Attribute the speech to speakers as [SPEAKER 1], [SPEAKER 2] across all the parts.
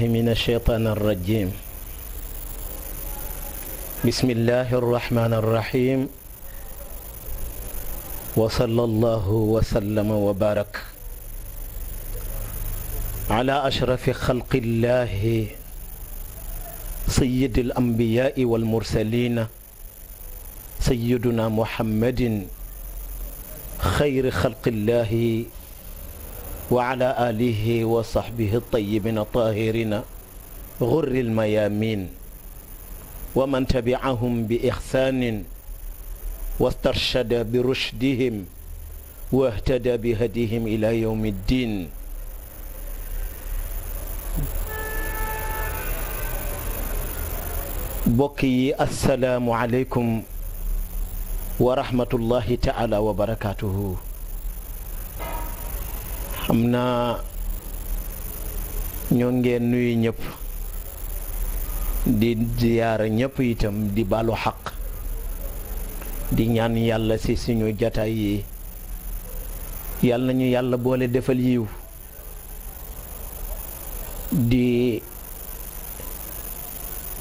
[SPEAKER 1] بالله من الشيطان الرجيم بسم الله الرحمن الرحيم وصلى الله وسلم وبارك على أشرف خلق الله سيد الأنبياء والمرسلين سيدنا محمد خير خلق الله وعلى آله وصحبه الطيبين الطاهرين غر الميامين ومن تبعهم بإحسان واسترشد برشدهم واهتدى بهديهم إلى يوم الدين بقي السلام عليكم ورحمة الله تعالى وبركاته xam naa ñoo ngeen nuyu ñëpp di ziyaara ñëpp itam di balu xaq di ñaan yàlla ci suñu jataay yi yàlla nañu yàlla boole defal yiw di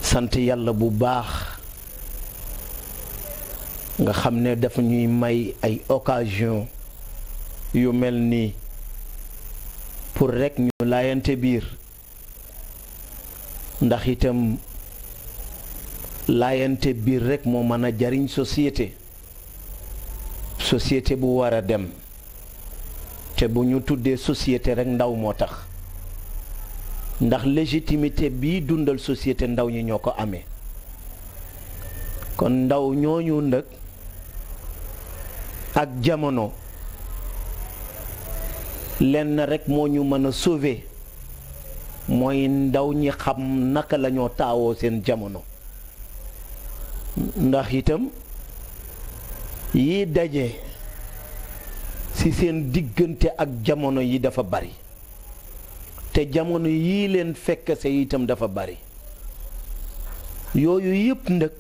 [SPEAKER 1] sant yàlla bu baax nga xam ne dafa ñuy may ay occasion yu mel nii pour rekk ñu laayante biir ndax itam laayante biir rekk moo mën a jariñ société société bu war a dem te bu ñu tuddee société rekk ndaw moo tax ndax légitimité bi dundal société ndaw ñi ñoo ko amee kon ndaw ñooñu ndëkk ak jamono lenn rekk moo ñu mën a sauver mooy ndaw ñi xam naka lañoo taawoo seen jamono ndax itam yi daje ci seen diggante ak jamono yi dafa bari te jamono yii leen fekk sa itam dafa bari yooyu yépp nag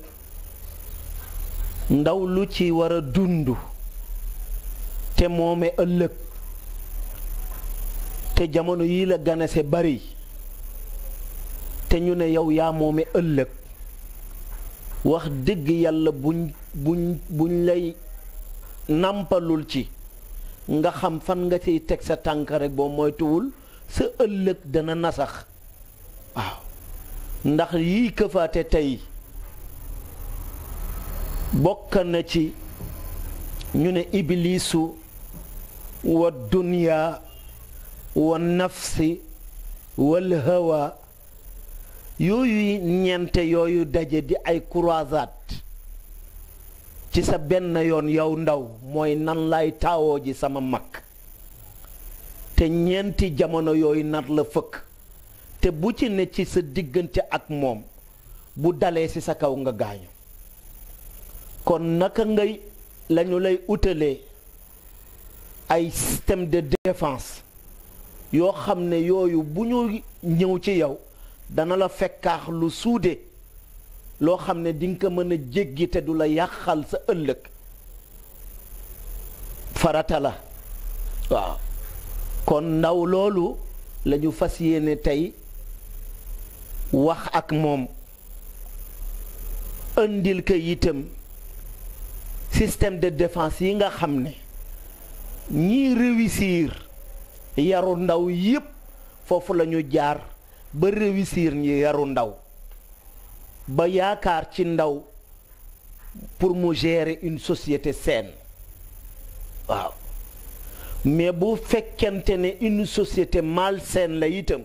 [SPEAKER 1] ndaw lu ci war a dund te moome ëllëg te jamono yii la ganase bari te ñu ne yow yaa moome ëllëg wax dëgg yàlla buñ buñ buñ lay nàmpalul ci nga xam fan nga ciy teg sa tànk rek boo moytuwul sa ëllëg dana nasax waaw ndax yii këfaate tey bokk na ci ñu ne ibiliisu wa dunya nafsi wannafsi walhawa yooyu ñeente yooyu daje di ay croisade ci sa benn yoon yow ndaw mooy nan lay taawoo ji sama mag te ñeenti jamono yooyu nar la fëkk te bu ci ne ci sa diggante ak moom bu dalee ci sa kaw nga gaañu kon naka ngay lañu lay utalee ay système de défense yoo xam ne yooyu bu ñu ñëw ci yow dana la fekkaax lu suude loo xam ne dinga ko mën a jéggi te du la yàqal sa ëllëg farata la waaw kon ndaw loolu lañu fas yéene tey wax ak moom indil ko itam système de défense yi nga xam ne ñiy réussir yaru ndaw yépp foofu la ñu jaar ba réussir ñi yaru ndaw ba yaakaar ci ndaw pour mu gérer une société saine waaw mais bu fekkente ne une société malsaine la itam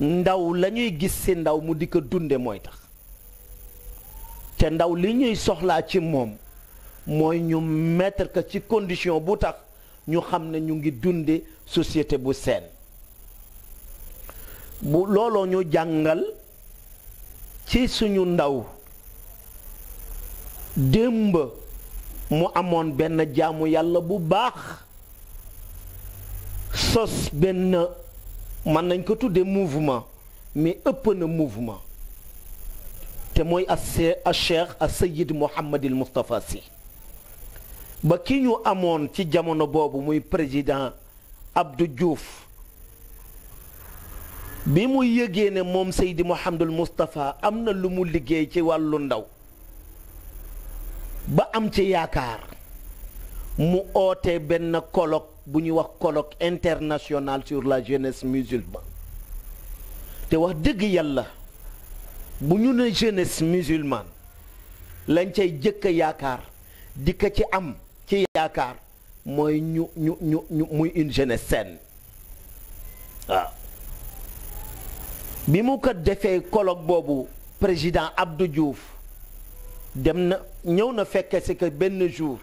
[SPEAKER 1] ndaw lañuy gis ci ndaw mu di ko dunde mooy tax te ndaw li ñuy soxlaa ci moom mooy ñu mettre ko ci condition bu tax ñu xam ne ñu ngi dunde société bu seen bu looloo ñu jàngal ci suñu ndaw démb mu amoon benn jaamu yàlla bu baax sos benn mën nañ ko tudde mouvement mais ëpp na mouvement te mooy a cheikh a sayid Mouhamadil Moustapha ba ki ñu amoon ci jamono boobu muy président Abdou juuf bi mu yëgee ne moom Seydi Mouhamadul Moustapha am na lu mu liggéey ci wàllu ndaw ba am ci yaakaar mu oote benn colloque bu ñuy wax colloque international sur la jeunesse musulmane te wax dëgg yàlla bu ñu ne jeunesse musulmane lañ cay jëkk yaakaar di ko ci am Qui ñu ñu une jeunesse saine Si ah. bi ko colloque président Abdou Diouf dem na ñëw na fekke que benn jour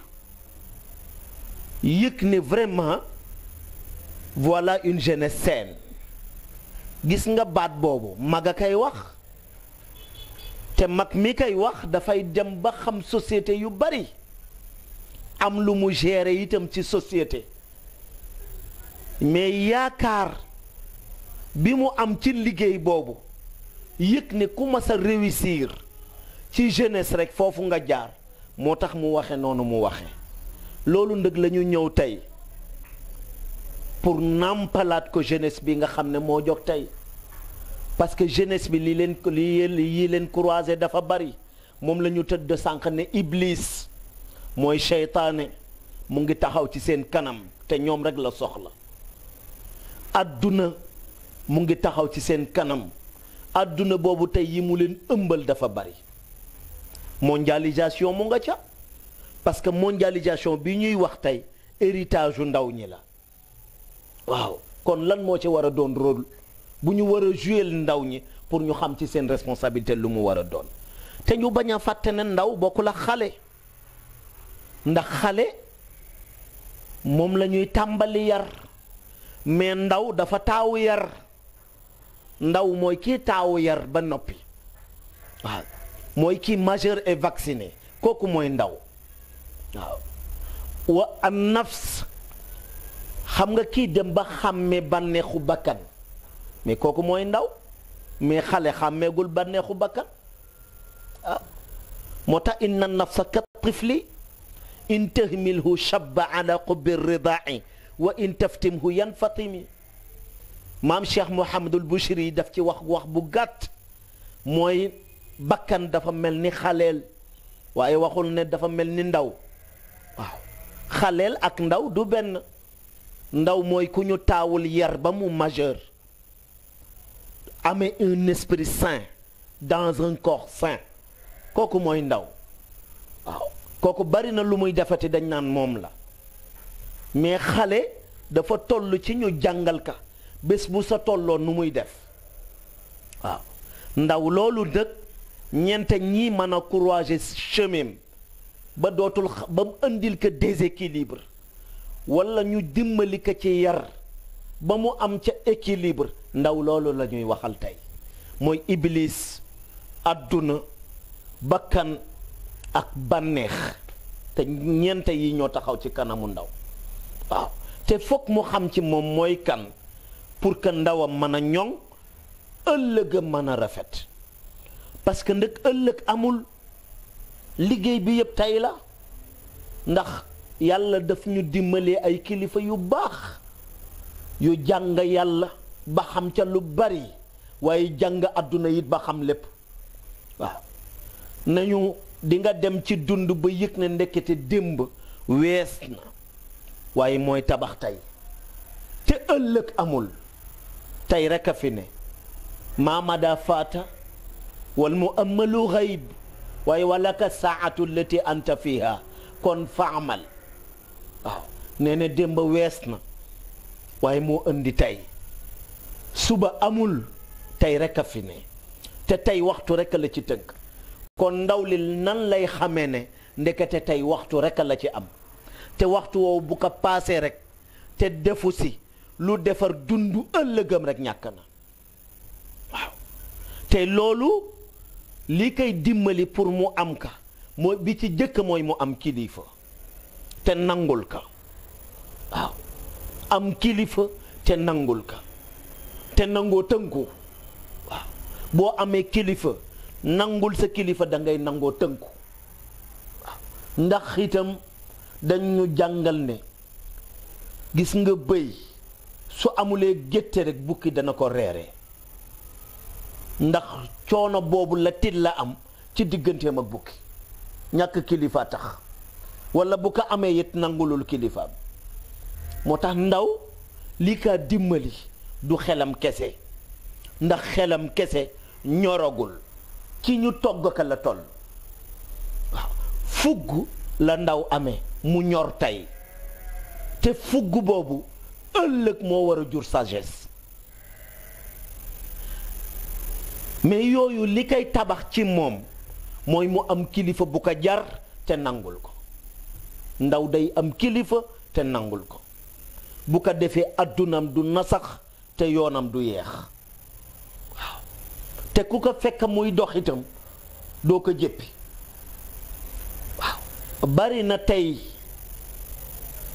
[SPEAKER 1] vraiment voilà une jeunesse saine gis nga baat est maga kay wax té mak mi kay wax société yu bari am lu mu gérer itam ci société mais yaakaar bi mu am ci liggéey boobu yëg ne ku mas a réussir ci jeunesse rek foofu nga jaar moo tax mu waxe noonu mu waxe loolu ndëg lañu ñëw tey pour nàmpalaat ko jeunesse bi nga xam ne moo jóg tey parce que jeunesse bi li leen li yi leen croisé dafa bari moom la ñu tëdd sànq ne iblis mooy seytaane mu ngi taxaw ci seen kanam te ñoom rek la soxla àdduna mu ngi taxaw ci seen kanam àdduna boobu tey yi mu leen ëmbal dafa bari mondialisation mu nga ca parce que mondialisation bi ñuy wax tey héritage yu ndaw ñi la waaw kon lan moo ci war a doon rôle bu ñu war a ndaw ñi pour ñu xam ci seen responsabilité lu mu war a doon te ñu bañ a fàtte ne ndaw bokkul la xale ndax xale moom la ñuy tàmbali yar mais ndaw dafa taawu yar ndaw mooy kii taawu yar ba noppi waaw mooy kii majeur et vacciné kooku mooy ndaw waaw wa nafs xam nga kii dem ba xàmme bànneexu bakkan mais mooy ndaw mais xale xàmmeegul bànneexu bakkan ah. moo tax na nafsa kat tifli إن تهمله شب على قب الرضاع وإن تفتمه ينفطمي مام شيخ محمد البشري دفتي واخ واخ بوغات موي بكان دافا ملني خليل واي واخول ني دافا ملني نداو واو خليل اك نداو دو بن نداو موي كونيو تاول يار با امي ان اسبري سان dans un corps sain كوكو موي نداو koku bari na lu muy defati dañ nan mom la mais xale dafa tollu ci ñu jàngal ka bés bu sa tollo nu muy def wa ndaw lolu dëkk ñeente ñi mëna a chemin ba dotul bam andil ke déséquilibre wala ñu dimbali ko ci yar ba mu am ci équilibre ndaw lolu la ñuy waxal tay moy iblis aduna bakkan ak bànneex te ñeente yi ñoo taxaw ci kanamu ndaw waaw te foog mu xam ci moom mooy kan pour que ndawam mën a ñoŋ ëllëg a mën a rafet parce que nag ëllëg amul liggéey bi yëpp tey la ndax yàlla daf ñu dimbalee ay kilifa yu baax yu jàng yàlla ba xam ca lu bari waaye jàng àdduna it ba xam lépp waaw nañu dinga dem ci dund ba yëg na ndekete démb wees na waaye mooy tabax tey te ëllëg amul tey rekk a fi ne maamada faata wal mu ammalu xayb waaye walaka saatu lati anta fiha kon faamal waaw nee na démb wees na waaye moo indi tey suba amul tey rekk a fi ne te tey waxtu rek la ci tëgg kon ndaw li nan lay xamee ne ndekete tey waxtu rekk la ci am te waxtu woow bu ko paasee rekk te defu si lu defar dundu ëllëgam rekk ñàkk na waaw te loolu li koy dimbali pour mu am ka mooy bi ci jëkk mooy mu am kilifa te nangul ka waaw am kilifa te nangul ka te nangoo tënku waaw boo amee kilifa nangul sa kilifa dangay nangoo tënku ndax itam dañu jàngal ne gis nga bëy su amulee gétte rek bukki dana ko reere ndax coono boobu la tit la am ci digganteem ak bukki ñàkk kilifa tax walla bu ko amee it nangulul kilifaam moo tax ndaw li kaa dimbali du xelam kese ndax xelam kese ñoragul ci ñu togg ka la toll waaw fugg la ndaw ame mu ñor tey te fugg boobu ëllëg moo war a jur sagesse mais yooyu li koy tabax ci moom mooy mu am kilifa bu ko jar te nangul ko ndaw day am kilifa te nangul ko bu ko defee àddunam du nasax te yoonam du yeex te ku ko fekk muy dox itam doo ko jéppi waaw na tey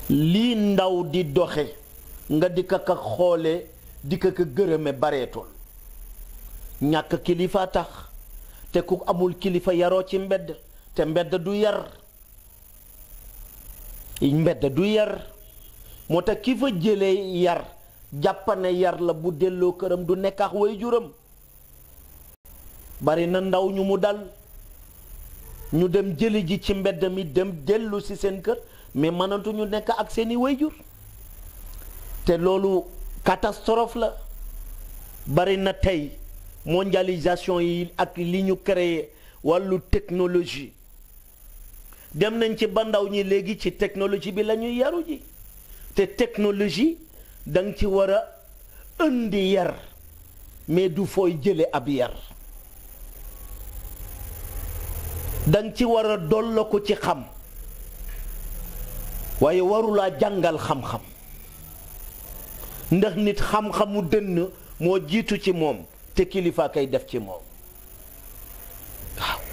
[SPEAKER 1] lii ndaw di doxe nga di ko ko xoole di ko ko gërëme bareetul ñàkk kilifa tax te ku amul kilifa yaroo ci mbedd te mbedd du yar mbedd du yar moo tax ki fa jëlee yar jàppane yar la bu delloo këram du nekk ak waajuram bari na ndaw ñu mu dal ñu dem jëli ji ci mbedd mi dem dellu si seen kër mais mënatuñu nekk ak seeni wayjur te loolu catastrophe la bari na tey mondialisation yi ak li ñu créé wàllu technologie dem nañ ci ba ndaw ñi léegi ci technologie bi la ñuy yaru ji te technologie da nga ci war a indi yar mais du fooy jële ab yar dang ci wara dollo ko ci xam waye waru la jàngal xam-xam ndax nit xam-xamu dënn mo jitu ci mom te kilifa kay def ci mom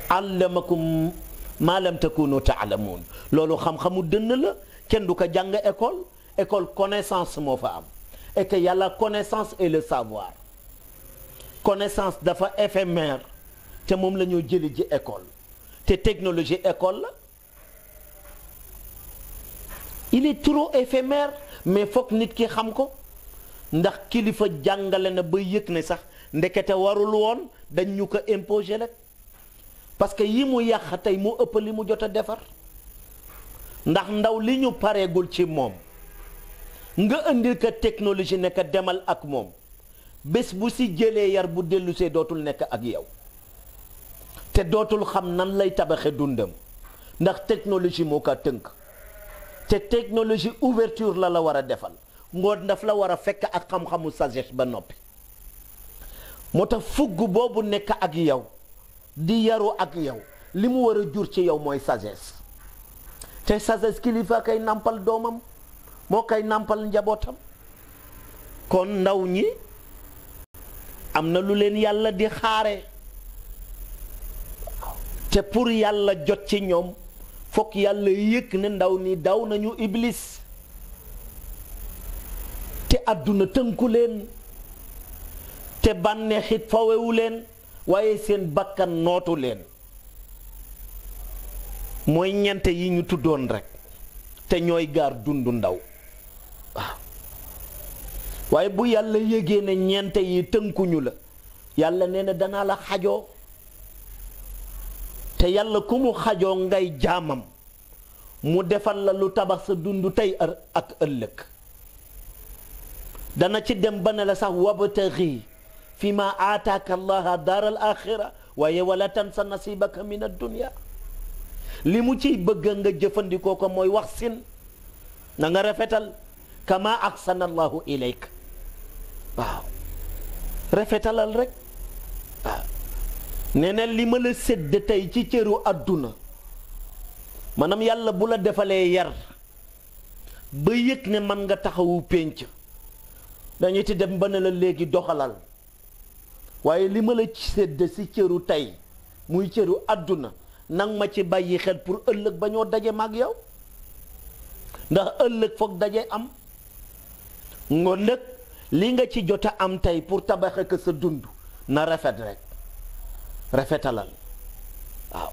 [SPEAKER 1] allamakum ma lam takunu ta'lamun lolu xam-xamu dënn la ken du ko jàng école école connaissance mo fa am et que yàlla connaissance et le savoir connaissance dafa éphémère te mom lañu jëli ji école te technologie école la il est trop éphémère mais foog nit ki xam ko ndax kilifa jàngale na ba yëg ne sax ndekete warul woon dañ ñu ko imposer rek parce que yi mu yàq tey mu ëpp li mu jot a defar ndax ndaw li ñu pareegul ci moom nga indil ko technologie nekk demal ak moom bés bu si jëlee yar bu dellusee dootul nekk ak yow te dootul xam nan lay tabaxe dundam ndax technologie moo ko tënk te technologie ouverture la la war a defal ngoon ndaf la war a fekk ak xam-xamu sagesse ba noppi moo tax fugg boobu nekk ak yow di yaru ak yow li mu war a jur ci yow mooy sagesse te sagesse kilifa kay nampal doomam moo kay nampal njabootam kon ndaw ñi am na lu leen yàlla di xaare te pour yàlla jot ci ñoom fokk yàlla yëg ne ndaw ni daw nañu iblis te àdduna tënku leen te bànneexit fawewu leen waaye seen bakkan nootu leen mooy ñent yi ñu tuddoon rekk te ñooy gaar dund ndaw waaw waaye bu yàlla yëgee na ñente yi tënkuñu la yàlla nee na danaa la xajoo te yàlla kumu xajo ngay jamam mu defal la lu tabax sa dundu tay ak ëllëg dana ci dem banela sax wabtaghi fima ataka allah dar daar al axira waaye wala tansa nasibaka min ad dunya limu ci bëgg nga jëfandikoo ko moy wax sin na nga rafetal kama aksana allah ilayk waaw rafetalal rek waaw nee na li ma la sedd tey ci cëru àdduna maanaam yàlla bu la defalee yar ba yëg ne man nga taxawu pénc dañu ci dem ba ne la léegi doxalal waaye li ma la sedd si cëru tey muy cëru àdduna nang ma ci bàyyi xel pour ëllëg ba ñoo daje mag yow ndax ëllëg foog daje am ngoon nag li nga ci jot a am tey pour tabaxe ko sa dund na rafet rek rafetalal waaw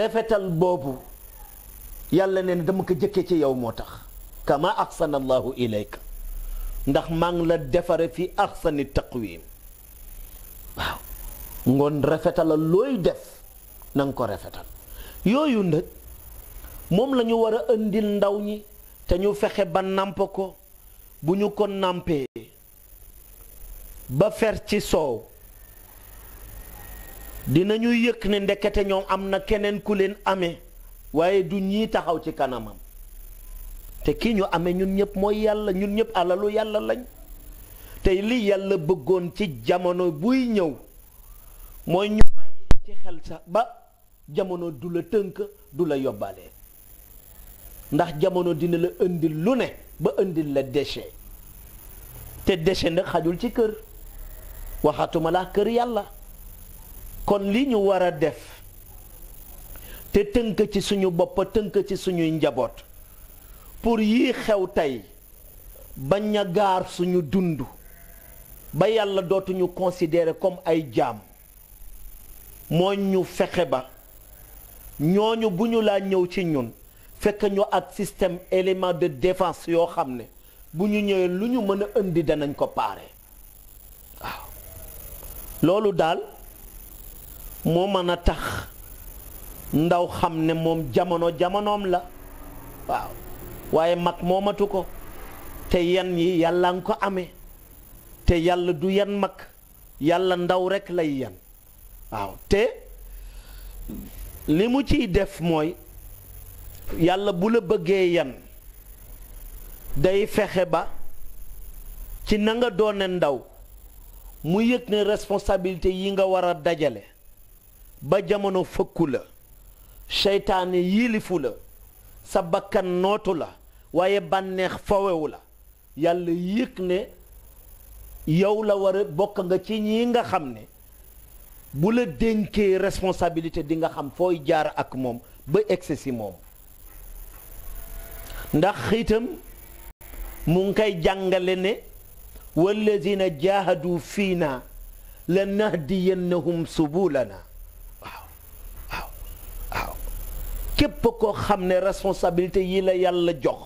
[SPEAKER 1] rafetal boobu yàlla ne dama ko jëkkee ci yow moo tax kama axsana allahu ilayka ndax maa la defare fi axsani taqwim waaw ngoon rafetalal looy def na ko rafetal yooyu nag moom lañu ñu war a indil ndaw ñi te ñu fexe ba nàmp ko bu ñu ko nàmpee ba fer ci soow dinañu yëg ne ndekete ñoom am na keneen ku leen amee waaye du ñii taxaw ci kanamam te kii ñu amee ñun ñëpp mooy yàlla ñun ñëpp alalu yàlla lañ tey li yàlla bëggoon ci jamono buy ñëw mooy ñu ci xel sax ba jamono du la tënk du la yóbbaale ndax jamono dina la indil lu ne ba indil la déchet te déchet nag xajul ci kër waxatuma laa kër yàlla kon li ñu wara def te tënk ci suñu bopp tënk ci suñuy njaboot pour yii xew tey bañ a gaar suñu dund ba yàlla dootuñu considérer comme ay jaam moo ñu fexe ba ñooñu bu ñu laa ñëw ci ñun fekk ñu ak système élément de défense yoo xam ne bu ñu ñëwee lu ñu mën indi danañ ko paare loolu daal moo mën a tax ndaw xam ne moom jamono jamonoom la waaw waaye mag moomatu ko te yan yi yàlla nga ko amee te yàlla du yan mag yàlla ndaw rekk lay yan waaw te li mu ciy def mooy yàlla bu la bëggee yan day fexe ba ci nanga nga doone ndaw mu yëg ne responsabilité yi nga war a dajale ba jamono fëkku la seytaane yilifu la sa bakkan nootu la waaye bànneex fawewu la yàlla yëg ne yow la wara a bokk nga ci ñi nga xam ne bu la dénkee responsabilité di nga xam fooy jaar ak moom ba egsi si moom ndax xiitam mu ngi koy jàngale ne wallazina jaahadu fiina lanahdiyannahum subulana képp koo xam ne responsabilité yi la yàlla jox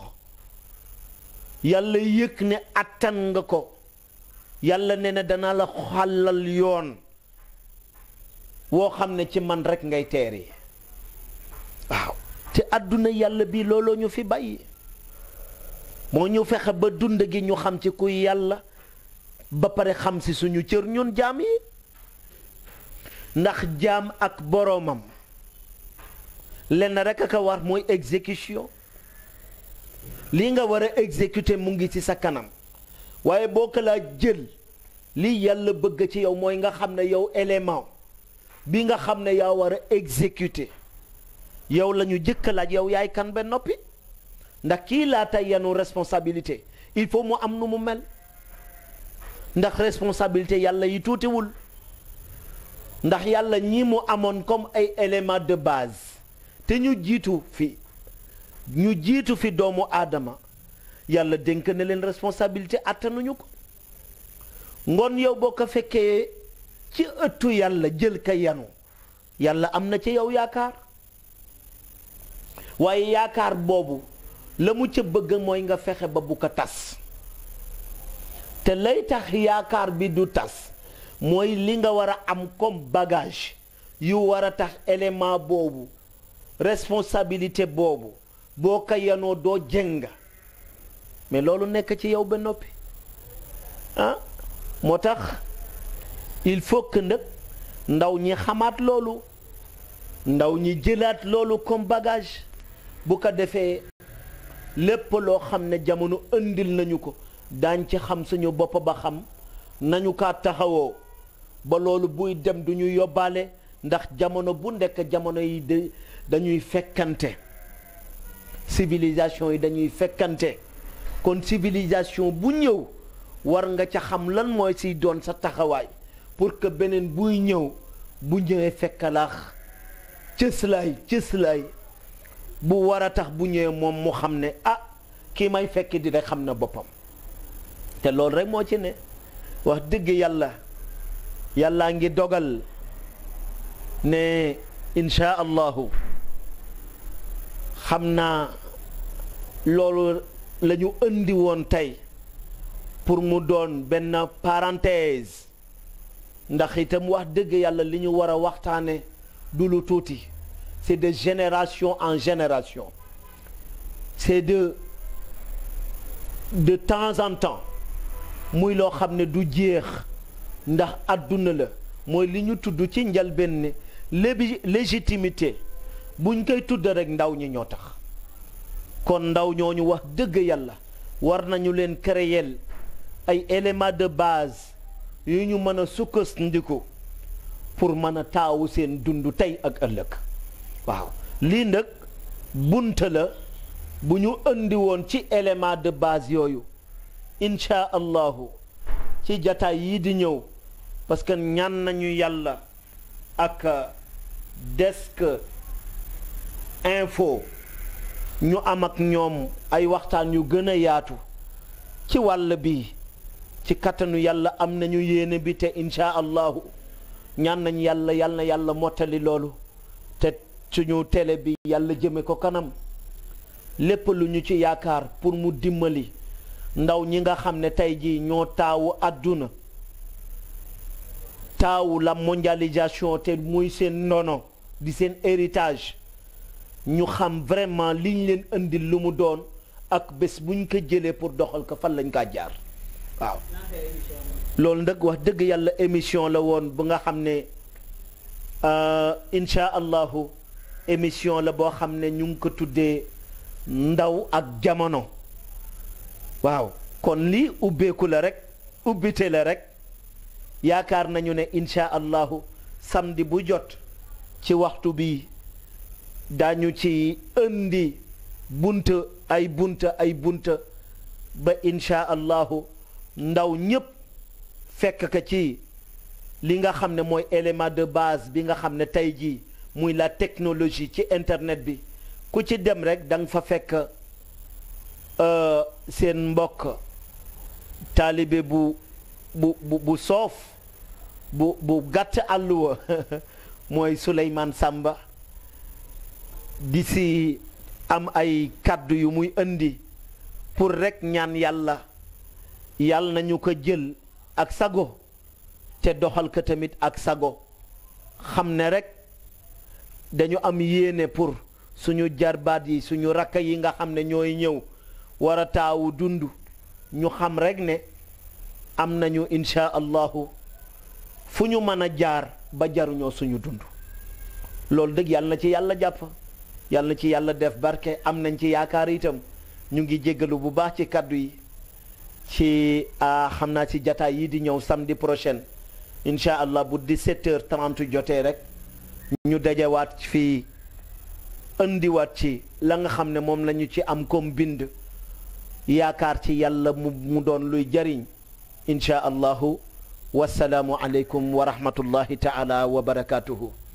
[SPEAKER 1] yàlla yëg ne attan nga ko yàlla ne na dana la xàllal yoon woo xam ne ci man rekk ngay teeri waaw te àdduna yàlla bi looloo ñu fi bàyyi moo ñu fexe ba dund gi ñu xam ci kuy yàlla ba pare xam si suñu cër ñun jaam yi ndax jaam ak boroomam lenn rek a war mooy exécution lii nga war a exécuter mu ngi ci sa kanam waaye boo ko jël lii yàlla bëgg ci yow mooy nga xam ne yow élément bi nga xam ne yaa war a exécuter yow lañu ñu jëkk laaj yow yaay kan ba noppi ndax kii laa laata yanu responsabilité il faut mu am nu mu mel ndax responsabilité yàlla yi tuutiwul ndax yàlla ñii mu amoon comme ay élément de base te ñu jiitu fi ñu jiitu fi doomu aadama yàlla dénk na leen responsabilité attanuñu ko ngoon yow boo ko fekkee ci ëttu yàlla jël ko yanu yàlla am na ci yow yaakaar waaye yaakaar boobu la mu ca bëgg mooy nga fexe ba bu ko tas te lay tax yaakaar bi du tas mooy li nga war a am comme bagage yu war a tax élément boobu responsabilité boobu boo ko yanoo doo jenga mais loolu nekk ci yow ba noppi ah moo tax il faut que nag ndaw ñi xamaat loolu ndaw ñi jëlaat loolu comme bagage bu ko defee lépp loo xam ne jamono indil nañu ko daañ ci xam suñu bopp ba xam nañu kaa taxawoo ba loolu buy dem duñu ñu yóbbaale ndax jamono bu ndekk jamono yi de dañuy fekkante civilisation yi dañuy fekkante kon civilisation bu ñëw war nga ca xam lan mooy siy doon sa taxawaay pour que beneen buy ñëw bu ñëwee fekkalaax cëslaay cëslaay bu war a tax bu ñëwee moom mu xam ne ah kii may fekk di rek xam na boppam te loolu rek moo ci ne wax dëgg yàlla yàllaa ngi dogal ne incha allahu xamna naa lañu la ñu indi pour mu doon ben parenthèse ndax itam wax deug yalla liñu wara war c'est de génération en génération c'est de de temps en temps muy lo xam ne du jeex ndax aduna la moy liñu tuddu ci njal ne légitimité buñ koy tudd rekk ndaw ñi ñoo tax kon ndaw ñooñu wax dëgg yàlla war nañu leen créer ay éléments de base yu ñu mën a sukkandiku pour mën a taawu seen dund tey ak ëllëg waaw lii nag bunta la bu ñu indi woon ci élément de base yooyu incha allahu ci jataay yii di ñëw parce que ñaan nañu yàlla ak desk info ñu am ak ñoom ay waxtaan yu gën a yaatu ci wàll bi ci kattanu yàlla am nañu yéene bi te insha allahu ñaan nañ yàlla yàlla na yàlla mottali loolu te suñu tele bi yàlla jëme ko kanam lépp lu ñu ci yaakaar pour mu dimmali ndaw ñi nga xam ne tey jii ñoo taawu àdduna taawu la mondialisation te muy seen nono di seen héritage ñu xam vraiment ñu leen indil lu mu doon ak bés buñ ko jëlee pour doxal ko fan lañu kaa jaar waaw loolu nag wax dëgg yàlla émission la woon bu nga xam ne euh, incha allahu émission la boo xam ne ñu ngi ko tuddee ndaw ak jamono waaw kon lii ubbeeku la rek ubbite la rek yaakaar nañu ne incha allahu samedi bu jot ci waxtu bii daañu ci indi bunt ay bunta ay bunt ba insha allahu ndaw ñépp fekk ka ci li nga xam ne mooy élément de base bi nga xam ne tey jii muy la technologie ci internet bi ku ci dem rek da fa fekk euh, seen mbokk taalibe bu bu bu soof bu bu gàtt àlluwa mooy Souleymane sàmba di si am ay kàddu yu muy indi pour rekk ñaan yàlla yàlla nañu ko jël ak sago te doxal ko tamit ak sago xam ne rekk dañu am yéene pour suñu jarbaat yi suñu rakk yi nga xam ne ñooy ñëw war a taawu dund ñu xam rekk ne am nañu insha allahu fu ñu mën a jaar ba jaruñoo suñu dund loolu dëgg yàlla na ci yàlla jàpp yàlla ci yàlla def barke am nañ ci yaakaar itam ñu ngi jéggalu bu baax ci kàddu yi ci xam naa ci jataay yi di ñëw samdi prochain incha allah bu di h 30 jotee rek ñu dajewaat fii indiwaat ci la nga xam ne moom lañu ci am comme bind yaakaar ci yàlla mu mu doon luy jariñ incha allahu wasalaamu aleykum wa rahmatullahi taala wa barakatuhu